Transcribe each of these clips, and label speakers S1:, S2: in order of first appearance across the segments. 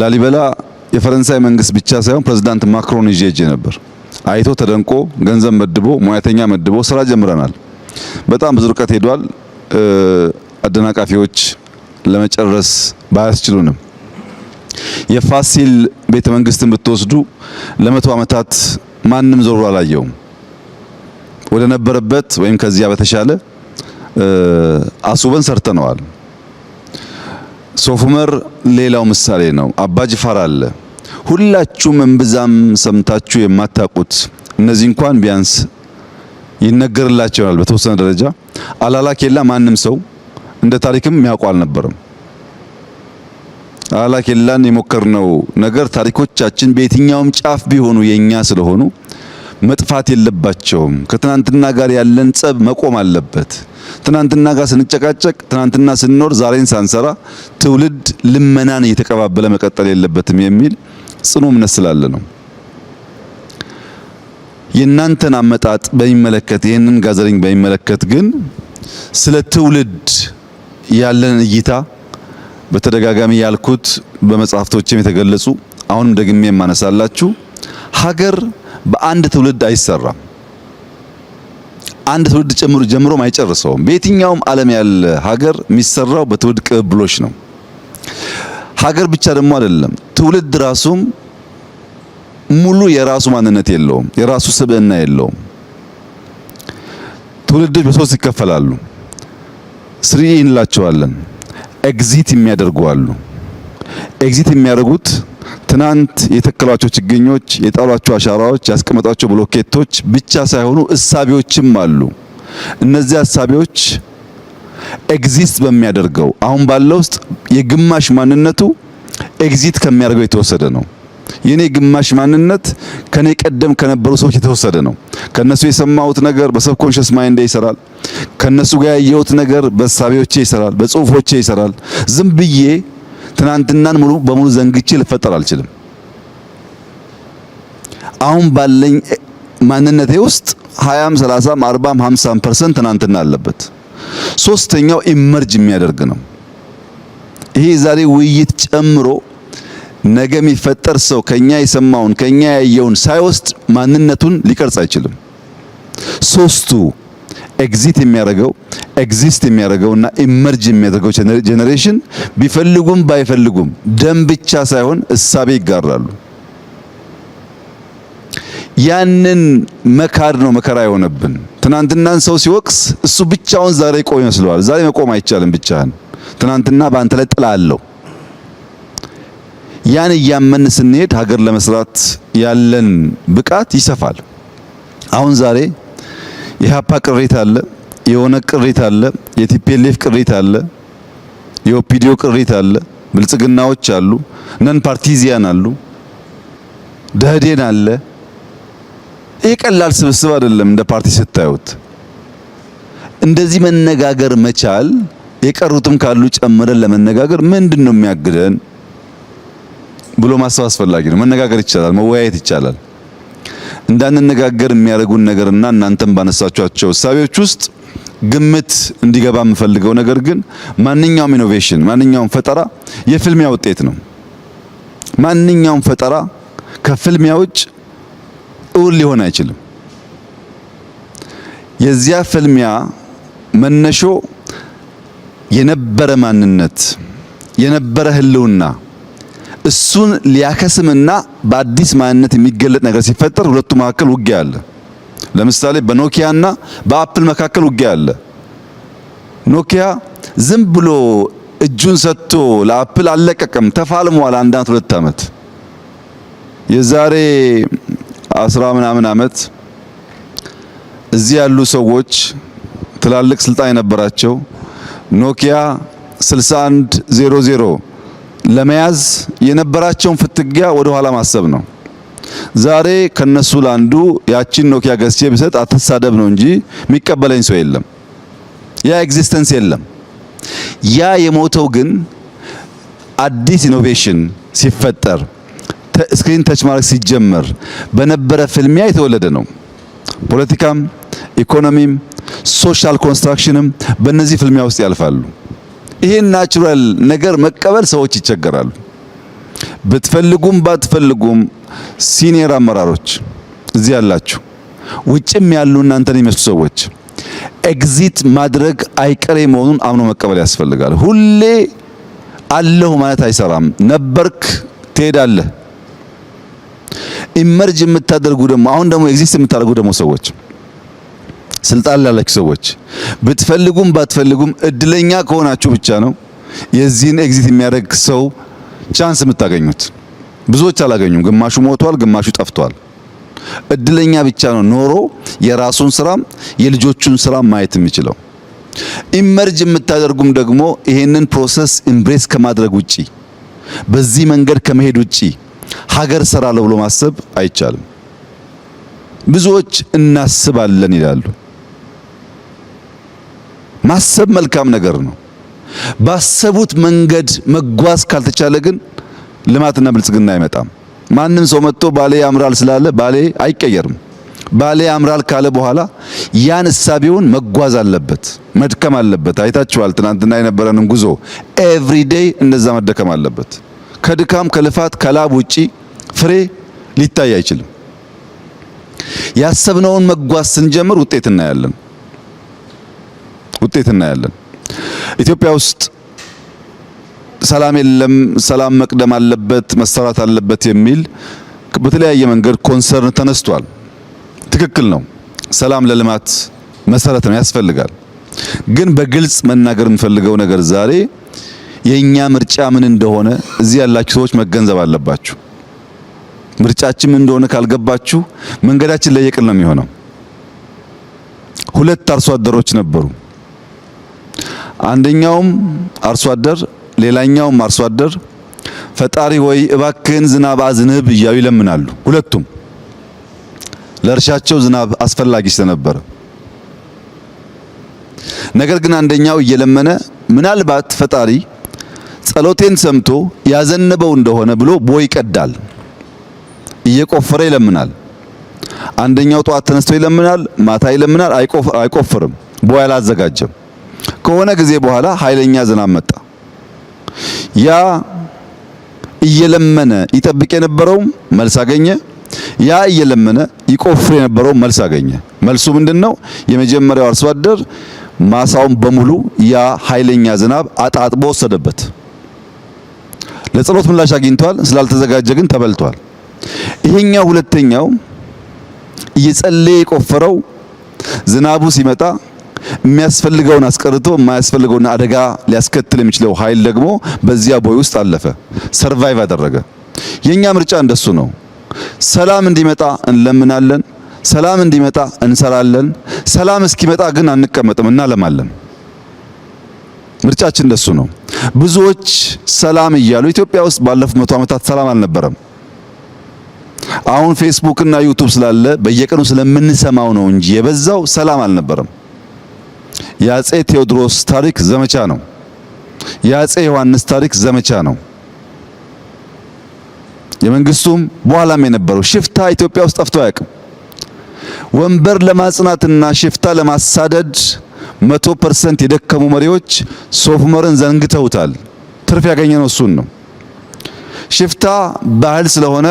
S1: ላሊበላ የፈረንሳይ መንግስት ብቻ ሳይሆን ፕሬዝዳንት ማክሮን ይዤ ሄጄ ነበር። አይቶ ተደንቆ ገንዘብ መድቦ ሙያተኛ መድቦ ስራ ጀምረናል። በጣም ብዙ ርቀት ሄዷል። አደናቃፊዎች ለመጨረስ ባያስችሉንም የፋሲል ቤተ መንግስትን ብትወስዱ ለመቶ ዓመታት ማንም ዞሮ አላየውም። ወደ ነበረበት ወይም ከዚያ በተሻለ አስውበን ሰርተነዋል። ሶፍ ዑመር ሌላው ምሳሌ ነው። አባ ጅፋር አለ። ሁላችሁም እምብዛም ሰምታችሁ የማታውቁት እነዚህ እንኳን ቢያንስ ይነገርላቸዋል በተወሰነ ደረጃ። አላላ ኬላ ማንም ሰው እንደ ታሪክም የሚያውቁ አልነበረም። አላላ ኬላን የሞከርነው ነገር ታሪኮቻችን በየትኛውም ጫፍ ቢሆኑ የኛ ስለሆኑ መጥፋት የለባቸውም። ከትናንትና ጋር ያለን ጸብ መቆም አለበት። ትናንትና ጋር ስንጨቃጨቅ፣ ትናንትና ስንኖር፣ ዛሬን ሳንሰራ ትውልድ ልመናን እየተቀባበለ መቀጠል የለበትም የሚል ጽኑ እምነት ስላለ ነው። የእናንተን አመጣጥ በሚመለከት ይህንን ጋዘሪንግ በሚመለከት ግን ስለ ትውልድ ያለን እይታ በተደጋጋሚ ያልኩት በመጽሐፍቶችም የተገለጹ አሁንም ደግሜ የማነሳላችሁ ሀገር በአንድ ትውልድ አይሰራም። አንድ ትውልድ ጀምሮ ጀምሮም አይጨርሰውም። በየትኛውም ዓለም ያለ ሀገር የሚሰራው በትውልድ ቅብብሎች ነው። ሀገር ብቻ ደግሞ አይደለም፣ ትውልድ ራሱም ሙሉ የራሱ ማንነት የለውም፣ የራሱ ስብዕና የለውም። ትውልዶች በሶስት ይከፈላሉ። ስሪ እንላቸዋለን። ኤግዚት የሚያደርጉ አሉ። ኤግዚት የሚያደርጉት ትናንት የተከሏቸው ችግኞች፣ የጣሏቸው አሻራዎች፣ ያስቀመጧቸው ብሎኬቶች ብቻ ሳይሆኑ እሳቤዎችም አሉ። እነዚህ እሳቤዎች ኤግዚስት በሚያደርገው አሁን ባለው ውስጥ የግማሽ ማንነቱ ኤግዚት ከሚያደርገው የተወሰደ ነው። የኔ ግማሽ ማንነት ከኔ ቀደም ከነበሩ ሰዎች የተወሰደ ነው። ከነሱ የሰማሁት ነገር በሰብኮንሽስ ማይንዴ ይሰራል። ከነሱ ጋር ያየሁት ነገር በሳቢዎቼ ይሰራል፣ በጽሁፎቼ ይሰራል። ዝም ብዬ ትናንትናን ሙሉ በሙሉ ዘንግቼ ልፈጠር አልችልም። አሁን ባለኝ ማንነቴ ውስጥ 20ም 30ም 40ም 50% ትናንትና አለበት። ሶስተኛው ኢመርጅ የሚያደርግ ነው። ይሄ ዛሬ ውይይት ጨምሮ ነገ የሚፈጠር ሰው ከኛ የሰማውን ከኛ ያየውን ሳይወስድ ማንነቱን ሊቀርጽ አይችልም። ሶስቱ ኤግዚት የሚያደርገው ኤግዚስት የሚያደርገውና ኢመርጅ የሚያደርገው ጄኔሬሽን ቢፈልጉም ባይፈልጉም ደም ብቻ ሳይሆን እሳቤ ይጋራሉ። ያንን መካድ ነው መከራ የሆነብን። ትናንትናን ሰው ሲወቅስ እሱ ብቻውን ዛሬ ቆም ይመስለዋል። ዛሬ መቆም አይቻልም ብቻህን። ትናንትና በአንተ ላይ ጥላ አለው። ያን እያመን ስንሄድ ሀገር ለመስራት ያለን ብቃት ይሰፋል። አሁን ዛሬ የሀፓ ቅሬታ አለ የሆነ ቅሪት አለ፣ የቲፒኤልኤፍ ቅሪት አለ፣ የኦፒዲዮ ቅሪት አለ፣ ብልጽግናዎች አሉ፣ ነን ፓርቲዚያን አሉ፣ ደህዴን አለ። ይሄ ቀላል ስብስብ አይደለም እንደ ፓርቲ ስታዩት። እንደዚህ መነጋገር መቻል የቀሩትም ካሉ ጨምረን ለመነጋገር ምንድን ነው የሚያግደን ብሎ ማሰብ አስፈላጊ ነው። መነጋገር ይቻላል፣ መወያየት ይቻላል። እንዳንነጋገር የሚያደርጉን ነገርና እናንተም ባነሳችኋቸው እሳቤዎች ውስጥ ግምት እንዲገባ የምፈልገው ነገር ግን ማንኛውም ኢኖቬሽን ማንኛውም ፈጠራ የፍልሚያ ውጤት ነው። ማንኛውም ፈጠራ ከፍልሚያ ውጭ እውን ሊሆን አይችልም። የዚያ ፍልሚያ መነሾ የነበረ ማንነት የነበረ ህልውና እሱን ሊያከስምና በአዲስ ማንነት የሚገለጥ ነገር ሲፈጠር ሁለቱ መካከል ውጊያ አለ። ለምሳሌ በኖኪያና በአፕል መካከል ውጊያ አለ። ኖኪያ ዝም ብሎ እጁን ሰጥቶ ለአፕል አለቀቅም ተፋልሟል። አንድ አመት ሁለት አመት የዛሬ አስራ ምናምን አመት እዚህ ያሉ ሰዎች ትላልቅ ስልጣን የነበራቸው ኖኪያ 6100 ለመያዝ የነበራቸውን ፍትጊያ ወደ ኋላ ማሰብ ነው። ዛሬ ከነሱ ላንዱ ያቺን ኖኪያ ገዝቼ ብሰጥ አትሳደብ ነው እንጂ የሚቀበለኝ ሰው የለም። ያ ኤግዚስተንስ የለም። ያ የሞተው ግን አዲስ ኢኖቬሽን ሲፈጠር ስክሪን ተች ማርክ ሲጀመር በነበረ ፍልሚያ የተወለደ ነው። ፖለቲካም ኢኮኖሚም ሶሻል ኮንስትራክሽንም በእነዚህ ፍልሚያ ውስጥ ያልፋሉ። ይሄን ናቹራል ነገር መቀበል ሰዎች ይቸገራሉ። ብትፈልጉም ባትፈልጉም ሲኒየር አመራሮች እዚህ ያላችሁ፣ ውጭም ያሉ እናንተን የሚመስሉ ሰዎች ኤግዚት ማድረግ አይቀሬ መሆኑን አምኖ መቀበል ያስፈልጋል። ሁሌ አለሁ ማለት አይሰራም። ነበርክ፣ ትሄዳለህ። ኢመርጅ የምታደርጉ ደግሞ አሁን ደግሞ ኤግዚስት የምታደርጉ ደግሞ ሰዎች ስልጣን ላላችሁ ሰዎች ብትፈልጉም ባትፈልጉም እድለኛ ከሆናችሁ ብቻ ነው የዚህን ኤግዚት የሚያደርግ ሰው ቻንስ የምታገኙት። ብዙዎች አላገኙም። ግማሹ ሞቷል፣ ግማሹ ጠፍቷል። እድለኛ ብቻ ነው ኖሮ የራሱን ስራም የልጆቹን ስራ ማየት የሚችለው። ኢመርጅ የምታደርጉም ደግሞ ይሄንን ፕሮሰስ ኢምብሬስ ከማድረግ ውጪ በዚህ መንገድ ከመሄድ ውጪ ሀገር ሰራለሁ ብሎ ማሰብ አይቻልም። ብዙዎች እናስባለን ይላሉ። ማሰብ መልካም ነገር ነው። ባሰቡት መንገድ መጓዝ ካልተቻለ ግን ልማትና ብልጽግና አይመጣም። ማንም ሰው መጥቶ ባሌ ያምራል ስላለ ባሌ አይቀየርም። ባሌ ያምራል ካለ በኋላ ያን እሳቤውን መጓዝ አለበት፣ መድከም አለበት። አይታችኋል ትናንትና የነበረንን ጉዞ። ኤቭሪዴይ እንደዛ መደከም አለበት። ከድካም ከልፋት ከላብ ውጪ ፍሬ ሊታይ አይችልም። ያሰብነውን መጓዝ ስንጀምር ውጤት እናያለን። ውጤት እናያለን። ኢትዮጵያ ውስጥ ሰላም የለም፣ ሰላም መቅደም አለበት፣ መሰራት አለበት የሚል በተለያየ መንገድ ኮንሰርን ተነስቷል። ትክክል ነው። ሰላም ለልማት መሰረት ነው፣ ያስፈልጋል። ግን በግልጽ መናገር የምፈልገው ነገር ዛሬ የኛ ምርጫ ምን እንደሆነ እዚህ ያላችሁ ሰዎች መገንዘብ አለባችሁ። ምርጫችን ምን እንደሆነ ካልገባችሁ መንገዳችን ለየቅል ነው የሚሆነው። ሁለት አርሶ አደሮች ነበሩ። አንደኛውም አርሶ አደር ሌላኛውም አርሶ አደር ፈጣሪ ወይ እባክህን ዝናብ አዝንብ እያሉ ይለምናሉ። ሁለቱም ለእርሻቸው ዝናብ አስፈላጊ ስለነበረ፣ ነገር ግን አንደኛው እየለመነ ምናልባት ፈጣሪ ጸሎቴን ሰምቶ ያዘነበው እንደሆነ ብሎ ቦይ ይቀዳል፣ እየቆፈረ ይለምናል። አንደኛው ጠዋት ተነስቶ ይለምናል፣ ማታ ይለምናል፣ አይቆፍርም፣ ቦይ አላዘጋጀም። ከሆነ ጊዜ በኋላ ኃይለኛ ዝናብ መጣ። ያ እየለመነ ይጠብቅ የነበረው መልስ አገኘ። ያ እየለመነ ይቆፍር የነበረው መልስ አገኘ። መልሱ ምንድነው? የመጀመሪያው አርሶ አደር ማሳውን በሙሉ ያ ኃይለኛ ዝናብ አጣጥቦ ወሰደበት። ለጸሎት ምላሽ አግኝቷል። ስላልተዘጋጀ ግን ተበልቷል። ይሄኛው ሁለተኛው እየጸለየ የቆፈረው ዝናቡ ሲመጣ የሚያስፈልገውን አስቀርቶ የማያስፈልገውን አደጋ ሊያስከትል የሚችለው ኃይል ደግሞ በዚያ ቦይ ውስጥ አለፈ፣ ሰርቫይቭ አደረገ። የኛ ምርጫ እንደሱ ነው። ሰላም እንዲመጣ እንለምናለን። ሰላም እንዲመጣ እንሰራለን። ሰላም እስኪመጣ ግን አንቀመጥም፣ እናለማለን። ምርጫችን እንደሱ ነው። ብዙዎች ሰላም እያሉ ኢትዮጵያ ውስጥ ባለፉት መቶ ዓመታት ሰላም አልነበረም። አሁን ፌስቡክ እና ዩቱብ ስላለ በየቀኑ ስለምንሰማው ነው እንጂ የበዛው ሰላም አልነበረም። የአጼ ቴዎድሮስ ታሪክ ዘመቻ ነው። የአጼ ዮሐንስ ታሪክ ዘመቻ ነው። የመንግስቱም በኋላም የነበረው ሽፍታ ኢትዮጵያ ውስጥ ጠፍቶ አያውቅም። ወንበር ለማጽናትና ሽፍታ ለማሳደድ መቶ ፐርሰንት የደከሙ መሪዎች ሶፍመርን ዘንግተውታል። ትርፍ ያገኘነው እሱን ነው። ሽፍታ ባህል ስለሆነ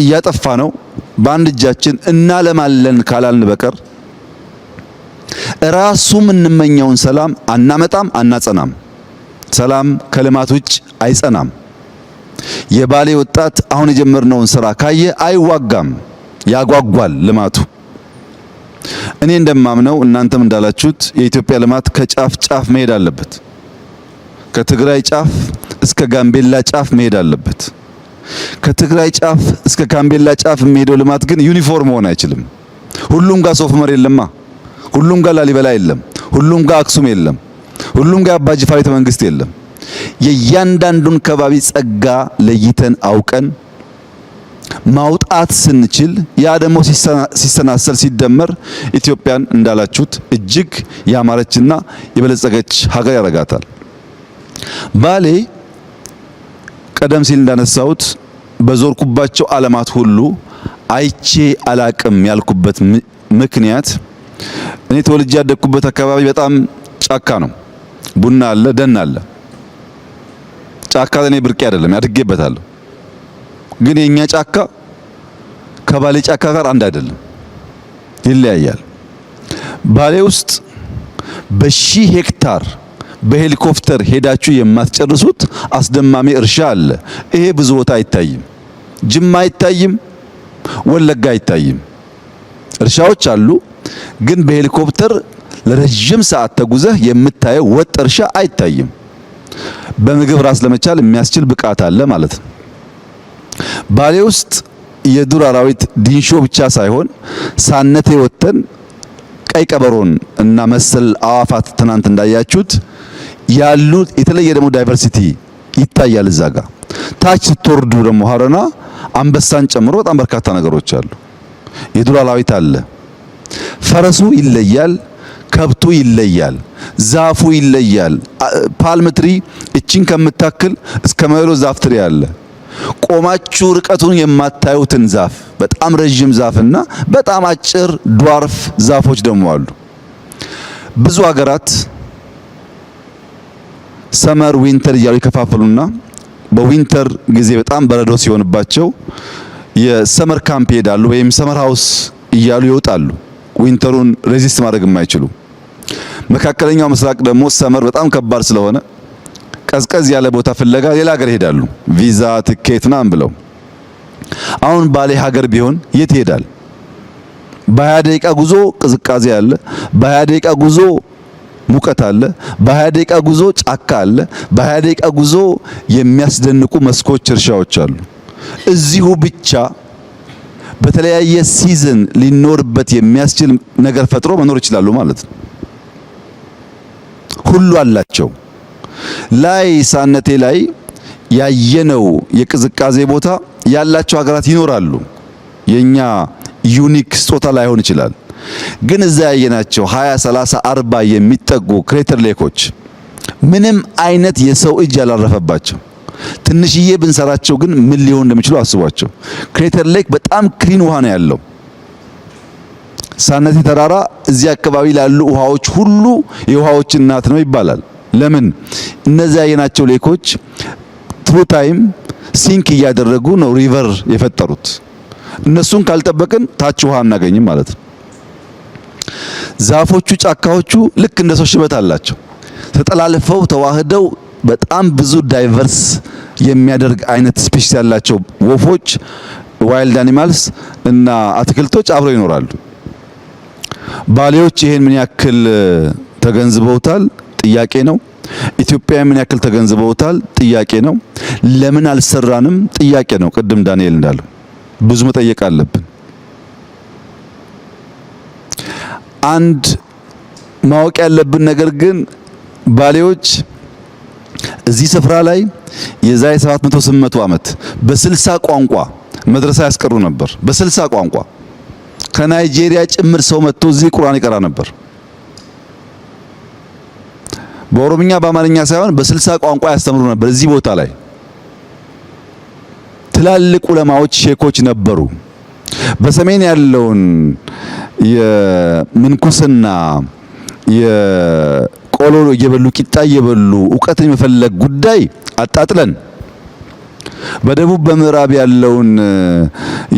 S1: እያጠፋ ነው። በአንድ እጃችን እናለማለን ካላልን በቀር ራሱ የምንመኘውን ሰላም አናመጣም፣ አናጸናም። ሰላም ከልማት ውጭ አይጸናም። የባሌ ወጣት አሁን የጀመርነውን ስራ ካየ አይዋጋም፣ ያጓጓል ልማቱ። እኔ እንደማምነው እናንተም እንዳላችሁት የኢትዮጵያ ልማት ከጫፍ ጫፍ መሄድ አለበት። ከትግራይ ጫፍ እስከ ጋምቤላ ጫፍ መሄድ አለበት። ከትግራይ ጫፍ እስከ ጋምቤላ ጫፍ የሚሄደው ልማት ግን ዩኒፎርም መሆን አይችልም። ሁሉም ጋር ሶፍ መር የለማ ሁሉም ጋር ላሊበላ የለም፣ ሁሉም ጋር አክሱም የለም፣ ሁሉም ጋር አባ ጅፋር ቤተ መንግስት የለም። የእያንዳንዱን ከባቢ ጸጋ ለይተን አውቀን ማውጣት ስንችል ያ ደግሞ ሲሰናሰል ሲደመር ኢትዮጵያን እንዳላችሁት እጅግ ያማረችና የበለጸገች ሀገር ያደርጋታል። ባሌ ቀደም ሲል እንዳነሳሁት በዞርኩባቸው ዓለማት ሁሉ አይቼ አላቅም ያልኩበት ምክንያት እኔ ተወልጄ ያደግኩበት አካባቢ በጣም ጫካ ነው። ቡና አለ፣ ደን አለ። ጫካ ለኔ ብርቄ አይደለም፣ ያድጌበታለሁ። ግን የኛ ጫካ ከባሌ ጫካ ጋር አንድ አይደለም፣ ይለያያል። ባሌ ውስጥ በሺህ ሄክታር በሄሊኮፕተር ሄዳችሁ የማትጨርሱት አስደማሚ እርሻ አለ። ይሄ ብዙ ቦታ አይታይም፣ ጅማ አይታይም፣ ወለጋ አይታይም። እርሻዎች አሉ ግን በሄሊኮፕተር ለረጅም ሰዓት ተጉዘህ የምታየው ወጥ እርሻ አይታይም። በምግብ ራስ ለመቻል የሚያስችል ብቃት አለ ማለት ነው። ባሌ ውስጥ የዱር አራዊት ዲንሾ ብቻ ሳይሆን ሳነቴ ወጥተን ቀይ ቀበሮን እና መሰል አዋፋት ትናንት እንዳያችሁት ያሉ የተለየ ደግሞ ዳይቨርሲቲ ይታያል እዛ ታች ስትወርዱ ደግሞ ሀረና አንበሳን ጨምሮ በጣም በርካታ ነገሮች አሉ። የዱር አራዊት አለ። ፈረሱ ይለያል፣ ከብቱ ይለያል፣ ዛፉ ይለያል። ፓልምትሪ እቺን ከምታክል እስከ መሎ ዛፍ ትሪ አለ። ቆማችሁ ርቀቱን የማታዩትን ዛፍ በጣም ረዥም ዛፍና በጣም አጭር ዷርፍ ዛፎች ደግሞ አሉ። ብዙ ሀገራት ሰመር ዊንተር እያሉ ይከፋፈሉና በዊንተር ጊዜ በጣም በረዶ ሲሆንባቸው የሰመር ካምፕ ይሄዳሉ ወይም ሰመር ሃውስ እያሉ ይወጣሉ። ዊንተሩን ሬዚስት ማድረግ የማይችሉ መካከለኛው ምስራቅ ደግሞ ሰመር በጣም ከባድ ስለሆነ ቀዝቀዝ ያለ ቦታ ፍለጋ ሌላ ሀገር ይሄዳሉ። ቪዛ ትኬት ምናምን ብለው። አሁን ባሌ ሀገር ቢሆን የት ይሄዳል? በሀያ ደቂቃ ጉዞ ቅዝቃዜ አለ። በሀያ ደቂቃ ጉዞ ሙቀት አለ። በሀያ ደቂቃ ጉዞ ጫካ አለ። በሀያ ደቂቃ ጉዞ የሚያስደንቁ መስኮች፣ እርሻዎች አሉ። እዚሁ ብቻ በተለያየ ሲዝን ሊኖርበት የሚያስችል ነገር ፈጥሮ መኖር ይችላሉ ማለት ነው። ሁሉ አላቸው። ላይ ሳነቴ ላይ ያየነው የቅዝቃዜ ቦታ ያላቸው ሀገራት ይኖራሉ። የኛ ዩኒክ ስጦታ ላይሆን ይችላል። ግን እዛ ያየናቸው 20፣ 30፣ 40 የሚጠጉ ክሬተር ሌኮች ምንም አይነት የሰው እጅ ያላረፈባቸው ትንሽዬ ብንሰራቸው ግን ምን ሊሆን እንደሚችሉ አስቧቸው። ክሬተር ሌክ በጣም ክሊን ውሃ ነው ያለው። ሳነቴ ተራራ እዚህ አካባቢ ላሉ ውሃዎች ሁሉ የውሃዎች እናት ነው ይባላል። ለምን? እነዚያ የናቸው ሌኮች ትሩ ታይም ሲንክ እያደረጉ ነው ሪቨር የፈጠሩት። እነሱን ካልጠበቅን ታች ውሃ አናገኝም ማለት ነው። ዛፎቹ፣ ጫካዎቹ ልክ እንደ ሰው ሽበት አላቸው። ተጠላልፈው ተዋህደው በጣም ብዙ ዳይቨርስ የሚያደርግ አይነት ስፔሺስ ያላቸው ወፎች፣ ዋይልድ አኒማልስ እና አትክልቶች አብረው ይኖራሉ። ባሌዎች ይሄን ምን ያክል ተገንዝበውታል? ጥያቄ ነው። ኢትዮጵያ ምን ያክል ተገንዝበውታል? ጥያቄ ነው። ለምን አልሰራንም? ጥያቄ ነው። ቅድም ዳንኤል እንዳለው ብዙ መጠየቅ አለብን። አንድ ማወቅ ያለብን ነገር ግን ባሌዎች እዚህ ስፍራ ላይ የዛሬ 7800 ዓመት በስልሳ ቋንቋ መድረሳ ያስቀሩ ነበር። በስልሳ ቋንቋ ከናይጄሪያ ጭምር ሰው መጥቶ እዚህ ቁርአን ይቀራ ነበር። በኦሮምኛ በአማርኛ ሳይሆን በስልሳ ቋንቋ ያስተምሩ ነበር። እዚህ ቦታ ላይ ትላልቅ ዑለማዎች ሼኮች ነበሩ። በሰሜን ያለውን የምንኩስና ቆሎ እየበሉ ቂጣ እየበሉ እውቀትን የመፈለግ ጉዳይ አጣጥለን በደቡብ በምዕራብ ያለውን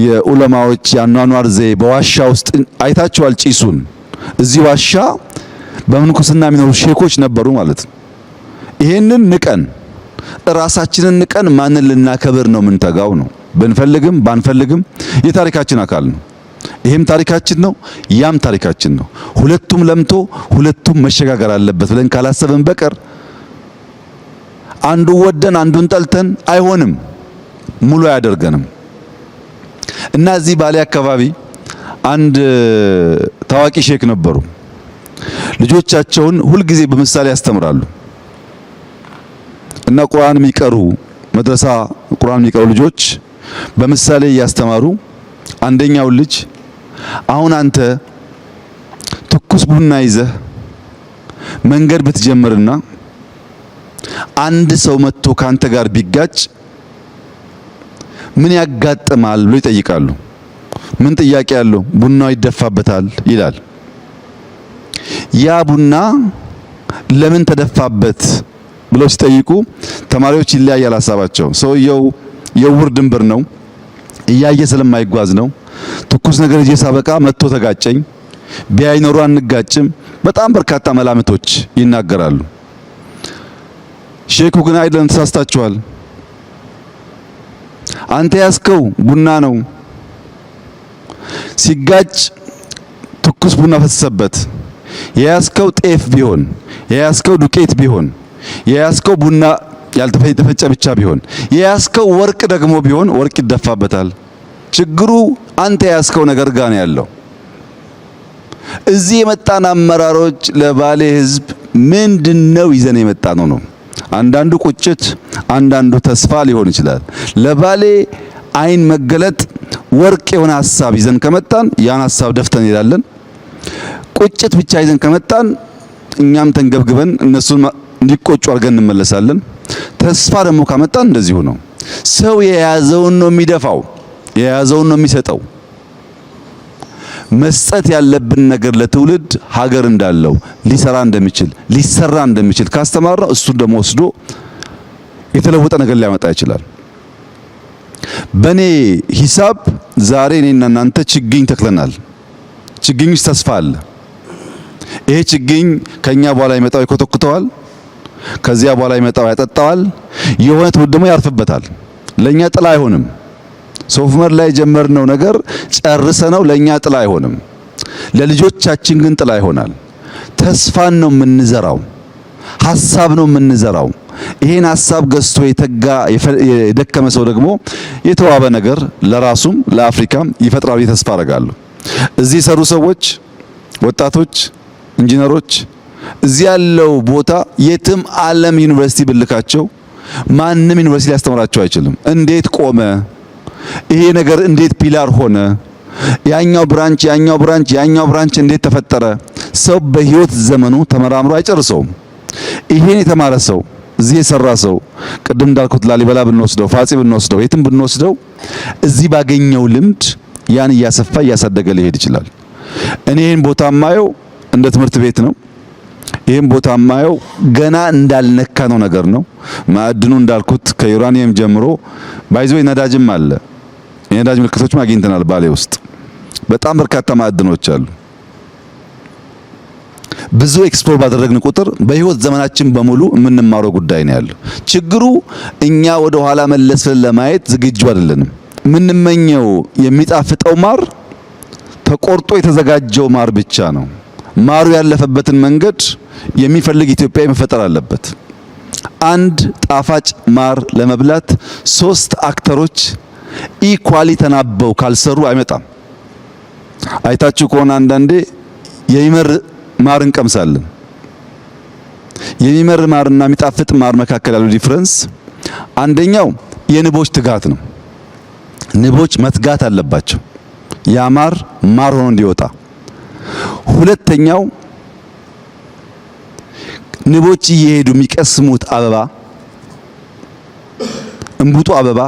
S1: የዑለማዎች የአኗኗር ዘዬ በዋሻ ውስጥ አይታቸዋል። ጪሱን እዚህ ዋሻ በምንኩስና የሚኖሩ ሼኮች ነበሩ ማለት ነው። ይሄንን ንቀን ራሳችንን ንቀን ማንን ልናከብር ነው? ምንተጋው ነው። ብንፈልግም ባንፈልግም የታሪካችን አካል ነው። ይህም ታሪካችን ነው፣ ያም ታሪካችን ነው። ሁለቱም ለምቶ ሁለቱም መሸጋገር አለበት ብለን ካላሰብን በቀር አንዱ ወደን አንዱን ጠልተን አይሆንም፣ ሙሉ አያደርገንም። እና እዚህ ባሌ አካባቢ አንድ ታዋቂ ሼክ ነበሩ። ልጆቻቸውን ሁልጊዜ በምሳሌ ያስተምራሉ እና ቁርአን የሚቀሩ መድረሳ ቁርአን የሚቀሩ ልጆች በምሳሌ እያስተማሩ አንደኛው ልጅ አሁን አንተ ትኩስ ቡና ይዘህ መንገድ ብትጀምርና አንድ ሰው መጥቶ ካንተ ጋር ቢጋጭ ምን ያጋጥማል ብሎ ይጠይቃሉ። ምን ጥያቄ አለው? ቡናው ይደፋበታል ይላል። ያ ቡና ለምን ተደፋበት ብለው ሲጠይቁ ተማሪዎች ይለያያል ሀሳባቸው። ሰውየው የውር ድንብር ነው። እያየ ስለማይጓዝ ነው። ትኩስ ነገር እጄ ሳበቃ መጥቶ ተጋጨኝ፣ ቢያይ ኖሮ አንጋጭም። በጣም በርካታ መላምቶች ይናገራሉ። ሼኩ ግን አይደለም፣ ተሳስታችኋል። አንተ ያስከው ቡና ነው ሲጋጭ ትኩስ ቡና ፈሰሰበት። የያዝከው ጤፍ ቢሆን የያዝከው ዱቄት ቢሆን የያዝከው ቡና ያልተፈጨ ብቻ ቢሆን የያዝከው ወርቅ ደግሞ ቢሆን ወርቅ ይደፋበታል። ችግሩ አንተ የያዝከው ነገር ጋር ነው ያለው። እዚህ የመጣን አመራሮች ለባሌ ህዝብ ምንድነው ይዘን የመጣ ነው ነው። አንዳንዱ ቁጭት፣ አንዳንዱ ተስፋ ሊሆን ይችላል። ለባሌ አይን መገለጥ ወርቅ የሆነ ሀሳብ ይዘን ከመጣን ያን ሀሳብ ደፍተን እንሄዳለን። ቁጭት ብቻ ይዘን ከመጣን እኛም ተንገብግበን እነሱን እንዲቆጩ አድርገን እንመለሳለን። ተስፋ ደግሞ ካመጣን እንደዚሁ ነው። ሰው የያዘውን ነው የሚደፋው፣ የያዘውን ነው የሚሰጠው። መስጠት ያለብን ነገር ለትውልድ ሀገር እንዳለው ሊሰራ እንደሚችል ሊሰራ እንደሚችል ካስተማር እሱን ደግሞ ወስዶ የተለወጠ ነገር ሊያመጣ ይችላል። በኔ ሂሳብ ዛሬ እኔና እናንተ ችግኝ ተክለናል። ችግኝ ውስጥ ተስፋ አለ። ይሄ ችግኝ ከኛ በኋላ ይመጣው ይኮተኩተዋል። ከዚያ በኋላ ይመጣው ያጠጣዋል። የሆነ ትውልድ ደግሞ ያርፍበታል። ለኛ ጥላ አይሆንም። ሶፍመር ላይ የጀመርነው ነገር ጨርሰነው ለኛ ጥላ አይሆንም። ለልጆቻችን ግን ጥላ ይሆናል። ተስፋን ነው የምንዘራው፣ ሀሳብ ነው የምንዘራው። ይሄን ሀሳብ ገዝቶ የተጋ የደከመ ሰው ደግሞ የተዋበ ነገር ለራሱም ለአፍሪካም ይፈጥራል። ተስፋ አረጋለሁ። እዚህ የሰሩ ሰዎች፣ ወጣቶች፣ ኢንጂነሮች እዚህ ያለው ቦታ የትም ዓለም ዩኒቨርሲቲ ብልካቸው ማንም ዩኒቨርሲቲ ሊያስተምራቸው አይችልም። እንዴት ቆመ ይሄ ነገር፣ እንዴት ፒላር ሆነ፣ ያኛው ብራንች ያኛው ብራንች ያኛው ብራንች እንዴት ተፈጠረ፣ ሰው በህይወት ዘመኑ ተመራምሮ አይጨርሰውም። ይሄን የተማረ ሰው እዚህ የሰራ ሰው ቅድም እንዳልኩት ላሊበላ ብንወስደው፣ ፋጺ ብንወስደው፣ የትም ብንወስደው እዚህ ባገኘው ልምድ ያን እያሰፋ እያሳደገ ሊሄድ ይችላል። እኔ ይህን ቦታ ማየው እንደ ትምህርት ቤት ነው። ይህም ቦታ ማየው ገና እንዳልነካ ነው ነገር ነው። ማዕድኑ እንዳልኩት ከዩራኒየም ጀምሮ ባይዞ ነዳጅም አለ። የነዳጅ ምልክቶችም አግኝተናል። ባሌ ውስጥ በጣም በርካታ ማዕድኖች አሉ። ብዙ ኤክስፕሎር ባደረግን ቁጥር በህይወት ዘመናችን በሙሉ የምንማረው ጉዳይ ነው ያለው። ችግሩ እኛ ወደ ኋላ መለስን ለማየት ዝግጁ አይደለንም። የምንመኘው የሚጣፍጠው ማር ተቆርጦ የተዘጋጀው ማር ብቻ ነው። ማሩ ያለፈበትን መንገድ የሚፈልግ ኢትዮጵያዊ መፈጠር አለበት። አንድ ጣፋጭ ማር ለመብላት ሶስት አክተሮች ኢኳሊ ተናበው ካልሰሩ አይመጣም። አይታችሁ ከሆነ አንዳንዴ የሚመር ማር እንቀምሳለን። የሚመር ማርና የሚጣፍጥ ማር መካከል ያለው ዲፍረንስ አንደኛው የንቦች ትጋት ነው። ንቦች መትጋት አለባቸው ያ ማር ማር ሆኖ እንዲወጣ ሁለተኛው ንቦች እየሄዱ የሚቀስሙት አበባ እምቡጡ አበባ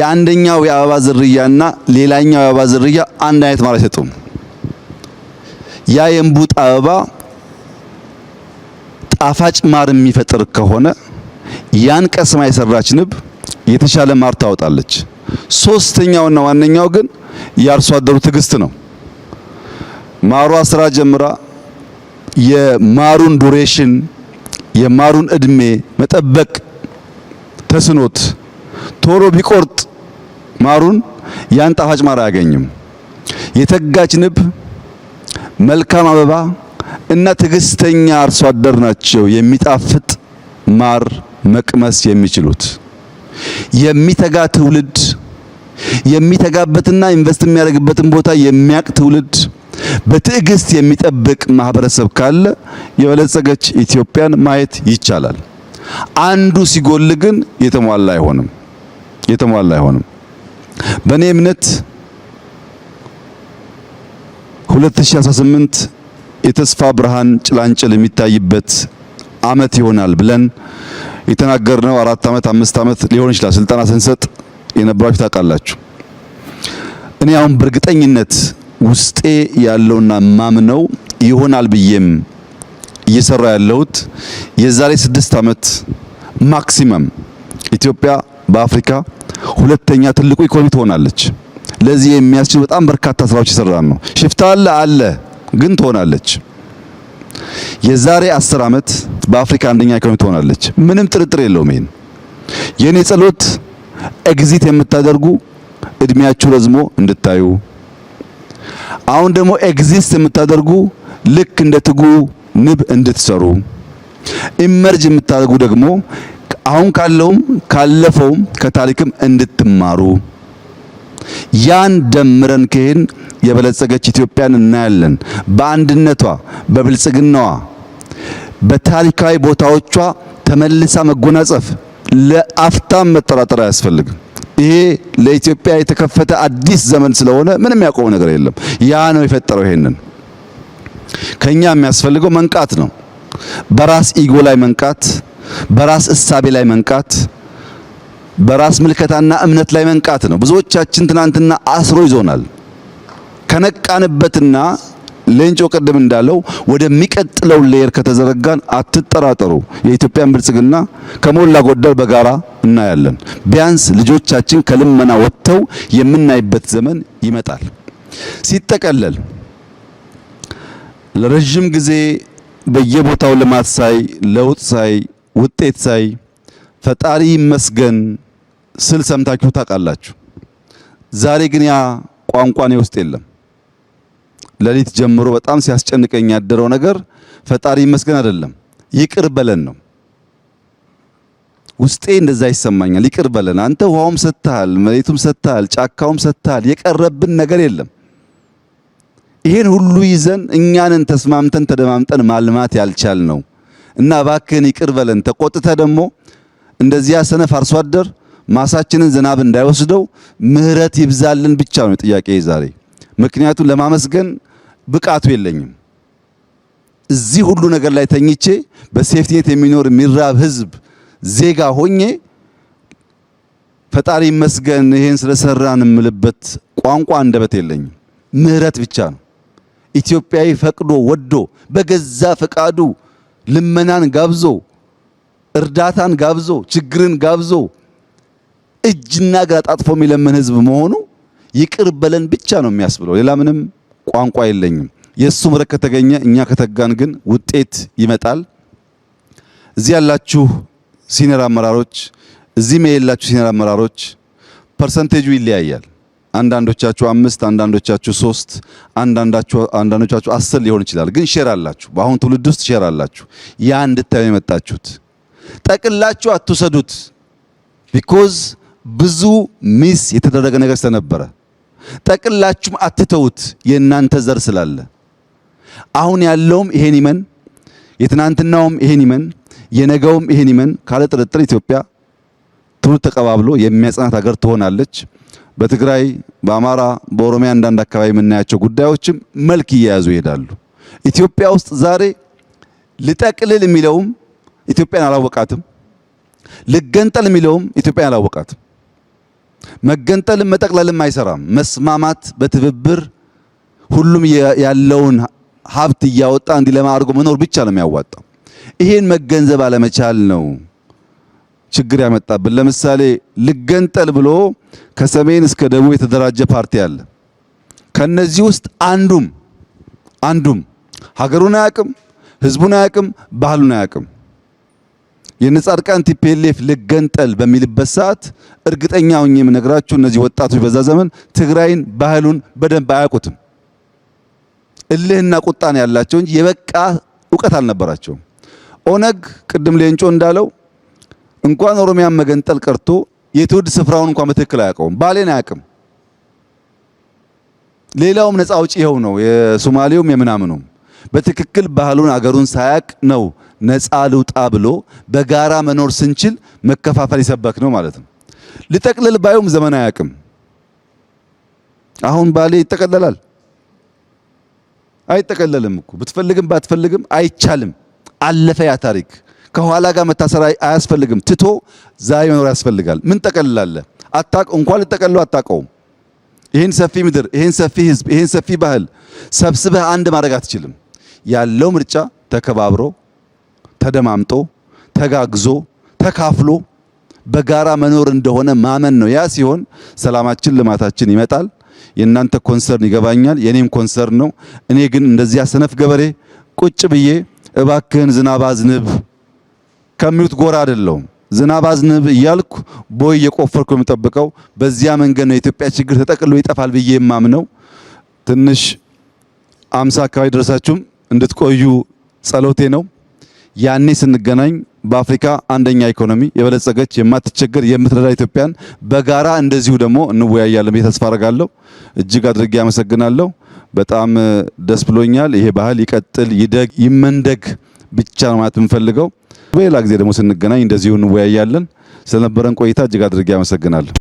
S1: የአንደኛው የአበባ ዝርያና ሌላኛው የአበባ ዝርያ አንድ አይነት ማለት አይሰጡም። ያ የእምቡጥ አበባ ጣፋጭ ማር የሚፈጥር ከሆነ ያን ቀስማ የሰራች ንብ የተሻለ ማር ታወጣለች። ሶስተኛውና ዋነኛው ግን የአርሶ አደሩ ትዕግስት ነው። ማሯ ስራ ጀምራ የማሩን ዱሬሽን የማሩን እድሜ መጠበቅ ተስኖት ቶሎ ቢቆርጥ ማሩን ያን ጣፋጭ ማር አያገኝም። የተጋች ንብ፣ መልካም አበባ እና ትዕግስተኛ አርሶ አደር ናቸው የሚጣፍጥ ማር መቅመስ የሚችሉት። የሚተጋ ትውልድ የሚተጋበትና ኢንቨስት የሚያደርግበትን ቦታ የሚያቅ ትውልድ በትዕግስት የሚጠብቅ ማህበረሰብ ካለ የበለጸገች ኢትዮጵያን ማየት ይቻላል። አንዱ ሲጎል ግን የተሟላ አይሆንም፣ የተሟላ አይሆንም። በእኔ እምነት 2018 የተስፋ ብርሃን ጭላንጭል የሚታይበት አመት ይሆናል ብለን የተናገርነው አራት ዓመት አምስት ዓመት ሊሆን ይችላል ስልጠና ስንሰጥ የነበራችሁ ታውቃላችሁ። እኔ አሁን በእርግጠኝነት ውስጤ ያለውና ማምነው ይሆናል ብዬም እየሰራ ያለሁት የዛሬ ስድስት ዓመት ማክሲመም ኢትዮጵያ በአፍሪካ ሁለተኛ ትልቁ ኢኮኖሚ ትሆናለች። ለዚህ የሚያስችል በጣም በርካታ ስራዎች የሰራን ነው። ሽፍታ አለ አለ፣ ግን ትሆናለች። የዛሬ አስር ዓመት በአፍሪካ አንደኛ ኢኮኖሚ ትሆናለች። ምንም ጥርጥር የለውም። ይሄን የኔ ጸሎት ኤግዚት የምታደርጉ እድሜያችሁ ረዝሞ እንድታዩ አሁን ደግሞ ኤግዚስት የምታደርጉ ልክ እንደ ትጉ ንብ እንድትሰሩ ኢመርጅ የምታደርጉ ደግሞ አሁን ካለውም ካለፈውም ከታሪክም እንድትማሩ ያን ደምረን ከሄን የበለጸገች ኢትዮጵያን እናያለን። በአንድነቷ፣ በብልጽግናዋ፣ በታሪካዊ ቦታዎቿ ተመልሳ መጎናጸፍ ለአፍታም መጠራጠር አያስፈልግም። ይሄ ለኢትዮጵያ የተከፈተ አዲስ ዘመን ስለሆነ ምንም ያቆመ ነገር የለም። ያ ነው የፈጠረው። ይሄንን ከኛ የሚያስፈልገው መንቃት ነው። በራስ ኢጎ ላይ መንቃት፣ በራስ እሳቤ ላይ መንቃት፣ በራስ ምልከታና እምነት ላይ መንቃት ነው። ብዙዎቻችን ትናንትና አስሮ ይዞናል። ከነቃንበትና ሌንጮ ቀደም እንዳለው ወደሚቀጥለው ሌየር ከተዘረጋን አትጠራጠሩ፣ የኢትዮጵያን ብልጽግና ከሞላ ጎደል በጋራ እናያለን። ቢያንስ ልጆቻችን ከልመና ወጥተው የምናይበት ዘመን ይመጣል። ሲጠቀለል ለረጅም ጊዜ በየቦታው ልማት ሳይ፣ ለውጥ ሳይ፣ ውጤት ሳይ ፈጣሪ ይመስገን ስል ሰምታችሁ ታውቃላችሁ። ዛሬ ግን ያ ቋንቋኔ ውስጥ የለም። ለሊት ጀምሮ በጣም ሲያስጨንቀኝ ያደረው ነገር ፈጣሪ ይመስገን አይደለም፣ ይቅር በለን ነው። ውስጤ እንደዛ ይሰማኛል። ይቅር በለን አንተ፣ ውሃውም ሰጥተሃል፣ መሬቱም ሰጥተሃል፣ ጫካውም ሰጥተሃል። የቀረብን ነገር የለም። ይሄን ሁሉ ይዘን እኛንን ተስማምተን ተደማምጠን ማልማት ያልቻል ነው እና እባክህን ይቅር በለን። ተቆጥተ ደግሞ እንደዚያ ሰነፍ አርሶ አደር ማሳችንን ዝናብ እንዳይወስደው ምህረት ይብዛልን ብቻ ነው ጥያቄ ዛሬ። ምክንያቱም ለማመስገን ብቃቱ የለኝም። እዚህ ሁሉ ነገር ላይ ተኝቼ በሴፍቲኔት የሚኖር የሚራብ ህዝብ ዜጋ ሆኜ ፈጣሪ ይመስገን ይሄን ስለሰራን የምልበት ቋንቋ አንደበት የለኝም። ምህረት ብቻ ነው። ኢትዮጵያዊ ፈቅዶ ወዶ በገዛ ፈቃዱ ልመናን ጋብዞ እርዳታን ጋብዞ ችግርን ጋብዞ እጅና እግር አጣጥፎ የሚለመን ህዝብ መሆኑ ይቅር በለን ብቻ ነው የሚያስብለው ሌላ ምንም ቋንቋ የለኝም። የእሱ መድረክ ከተገኘ እኛ ከተጋን ግን ውጤት ይመጣል። እዚህ ያላችሁ ሲኒየር አመራሮች፣ እዚህ የሌላችሁ የላችሁ ሲኒየር አመራሮች ፐርሰንቴጁ ይለያያል። አንዳንዶቻችሁ አምስት አንዳንዶቻችሁ ሶስት አንዳንዶቻችሁ አስር ሊሆን ይችላል። ግን ሼር አላችሁ፣ በአሁን ትውልድ ውስጥ ሼር አላችሁ። ያ እንድታዩ የመጣችሁት ጠቅላችሁ አትውሰዱት። ቢኮዝ ብዙ ሚስ የተደረገ ነገር ስለነበረ ጠቅላችሁም አትተውት፣ የእናንተ ዘር ስላለ። አሁን ያለውም ይሄን ይመን፣ የትናንትናውም ይሄን ይመን፣ የነገውም ይሄን ይመን። ካለ ጥርጥር ኢትዮጵያ ትውልድ ተቀባብሎ የሚያጽናት ሀገር ትሆናለች። በትግራይ፣ በአማራ፣ በኦሮሚያ አንዳንድ አካባቢ የምናያቸው ጉዳዮችም መልክ እየያዙ ይሄዳሉ። ኢትዮጵያ ውስጥ ዛሬ ልጠቅልል የሚለውም ኢትዮጵያን አላወቃትም፣ ልገንጠል የሚለውም ኢትዮጵያን አላወቃትም። መገንጠልም መጠቅለልም አይሰራም። መስማማት በትብብር ሁሉም ያለውን ሀብት እያወጣ እንዲለማ አድርጎ መኖር ብቻ ነው የሚያዋጣው። ይሄን መገንዘብ አለመቻል ነው ችግር ያመጣብን። ለምሳሌ ልገንጠል ብሎ ከሰሜን እስከ ደቡብ የተደራጀ ፓርቲ አለ። ከነዚህ ውስጥ አንዱም አንዱም ሀገሩን አያውቅም፣ ህዝቡን አያውቅም፣ ባህሉን አያውቅም። የነጻድቃን ቲፒኤልኤፍ ልገንጠል በሚልበት ሰዓት እርግጠኛ ሆኜ የምነግራችሁ እነዚህ ወጣቶች በዛ ዘመን ትግራይን ባህሉን በደንብ አያውቁትም። እልህና ቁጣን ያላቸው እንጂ የበቃ እውቀት አልነበራቸውም። ኦነግ ቅድም ሌንጮ እንዳለው እንኳን ኦሮሚያን መገንጠል ቀርቶ የትውድ ስፍራውን እንኳን በትክክል አያውቀውም። ባሌን አያውቅም። ሌላውም ነፃ አውጪ ይኸው ነው፣ የሶማሌውም የምናምኑም በትክክል ባህሉን አገሩን ሳያቅ ነው ነፃ ልውጣ ብሎ በጋራ መኖር ስንችል መከፋፈል ይሰበክ ነው ማለት ነው። ልጠቅልል ባዩም ዘመን አያውቅም። አሁን ባሌ ይጠቀለላል አይጠቀለልም እኮ ብትፈልግም ባትፈልግም አይቻልም። አለፈ ያ ታሪክ። ከኋላ ጋር መታሰር አያስፈልግም። ትቶ ዛሬ መኖር ያስፈልጋል። ምን ጠቀልላለ አታቅ እንኳን ልጠቀልለው አታቀውም። ይህን ሰፊ ምድር፣ ይህን ሰፊ ህዝብ፣ ይህን ሰፊ ባህል ሰብስበህ አንድ ማድረግ አትችልም። ያለው ምርጫ ተከባብሮ ተደማምጦ ተጋግዞ ተካፍሎ በጋራ መኖር እንደሆነ ማመን ነው። ያ ሲሆን ሰላማችን፣ ልማታችን ይመጣል። የእናንተ ኮንሰርን ይገባኛል፣ የኔም ኮንሰርን ነው። እኔ ግን እንደዚያ ሰነፍ ገበሬ ቁጭ ብዬ እባክህን ዝናብ አዝንብ ከሚሉት ጎራ አይደለሁም። ዝናብ አዝንብ እያልኩ ቦይ እየቆፈርኩ የምጠብቀው በዚያ መንገድ ነው። የኢትዮጵያ ችግር ተጠቅሎ ይጠፋል ብዬ የማምነው ትንሽ አምሳ አካባቢ ደረሳችሁም እንድትቆዩ ጸሎቴ ነው። ያኔ ስንገናኝ በአፍሪካ አንደኛ ኢኮኖሚ የበለጸገች የማትቸገር የምትረዳ ኢትዮጵያን በጋራ እንደዚሁ ደግሞ እንወያያለን ብዬ ተስፋ አረጋለሁ። እጅግ አድርጌ አመሰግናለሁ። በጣም ደስ ብሎኛል። ይሄ ባህል ይቀጥል፣ ይደግ፣ ይመንደግ ብቻ ነው ማለት የምንፈልገው። በሌላ ጊዜ ደግሞ ስንገናኝ እንደዚሁ እንወያያለን። ስለነበረን ቆይታ እጅግ አድርጌ አመሰግናለሁ።